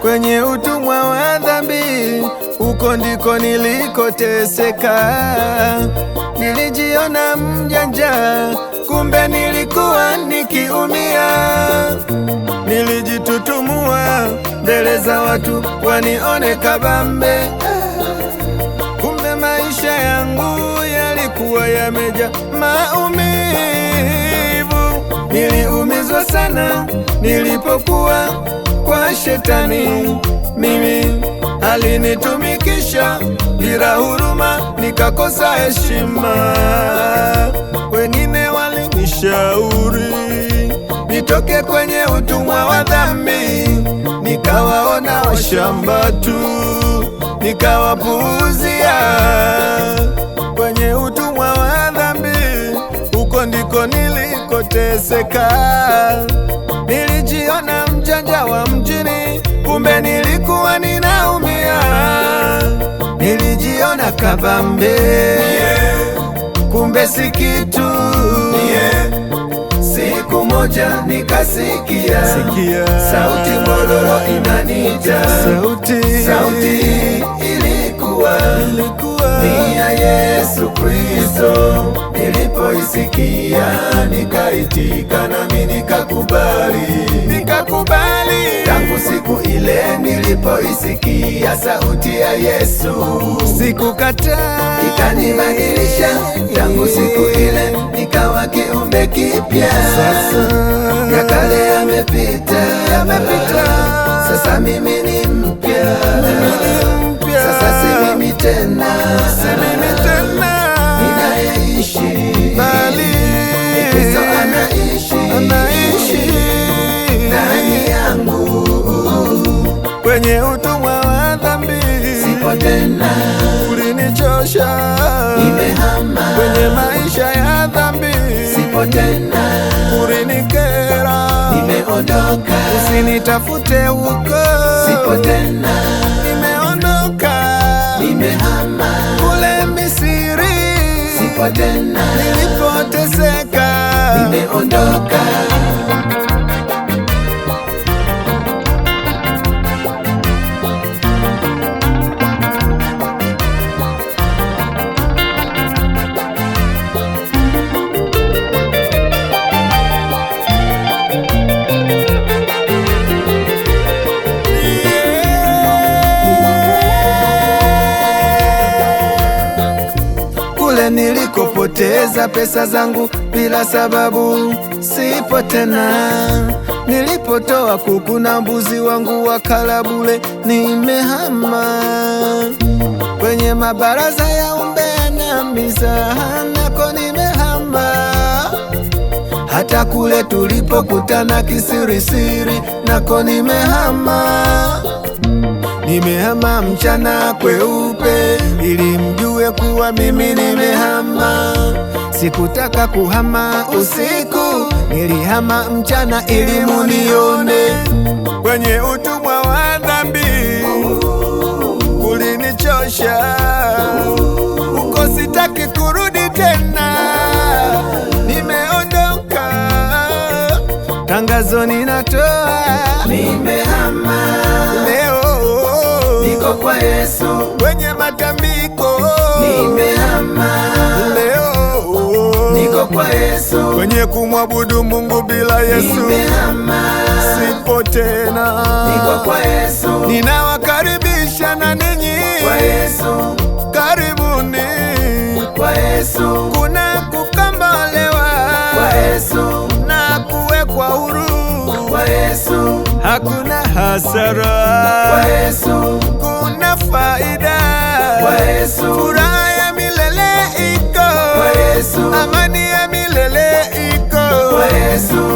Kwenye utumwa wa dhambi, huko ndiko nilikoteseka. Nilijiona mjanja, kumbe nilikuwa nikiumia nilijitutumua mbele za watu wanione kabambe. Kumbe maisha yangu yalikuwa yameja maumivu. Niliumizwa sana nilipokuwa kwa shetani, mimi alinitumikisha bila huruma, nikakosa heshima, wengine walinishauri nitoke kwenye utumwa wa dhambi, nikawaona washamba tu, nikawapuuzia. Kwenye utumwa wa dhambi, huko ndiko nilikoteseka. Nilijiona mjanja wa mjini, kumbe nilikuwa ninaumia. Nilijiona kabambe, kumbe si kitu moja nikasikia Sikia. sauti mororo inanija sauti, sauti ilikuwa, ilikuwa ni ya Yesu Kristo. Nilipoisikia nikaitika nami nikakubali, nikakubali tangu siku ile nilipoisikia sauti ya Yesu sikukataa, ikanibadilisha. Tangu siku ile nikawa kiumbe kipya. Sasa ya kale yamepita, yamepita, sasa mimi ni mpya, sasa si mimi tena sasa kwenye utumwa wa dhambi, sipo tena, ulinichosha nimehama kwenye maisha ya dhambi, sipo tena, ulinikera nimeondoka, usinitafute huko, sipo tena, nimeondoka nimehama kule Misiri, sipo tena, nilipoteseka nimeondoka nilikopoteza pesa zangu bila sababu, sipo tena. Nilipotoa kuku na mbuzi wangu wakala bule nimehama kwenye mabaraza ya umbea na mizaha, nako nimehama. Hata kule tulipokutana kisirisiri, nako nimehama nimehama mchana kweupe, ili mjue kuwa mimi nimehama. Sikutaka kuhama usiku, nilihama mchana ili munione. Kwenye utumwa wa dhambi kulinichosha, uko sitaki kurudi tena, nimeondoka. Tangazo ninatoa, nimehama leo niko kwa Yesu wenye matambiko, nimehama leo, niko kwa Yesu wenye kumwabudu Mungu bila Yesu, nimehama sipo tena, niko kwa Yesu, ninawakaribisha na ninyi kwa Yesu, karibuni kwa Yesu, kuna kukombolewa kwa Yesu na kuwekwa huru kwa Yesu hakuna hasara kwa Yesu, kuna faida kwa Yesu, furaha ya milele iko kwa Yesu, amani ya milele iko kwa Yesu.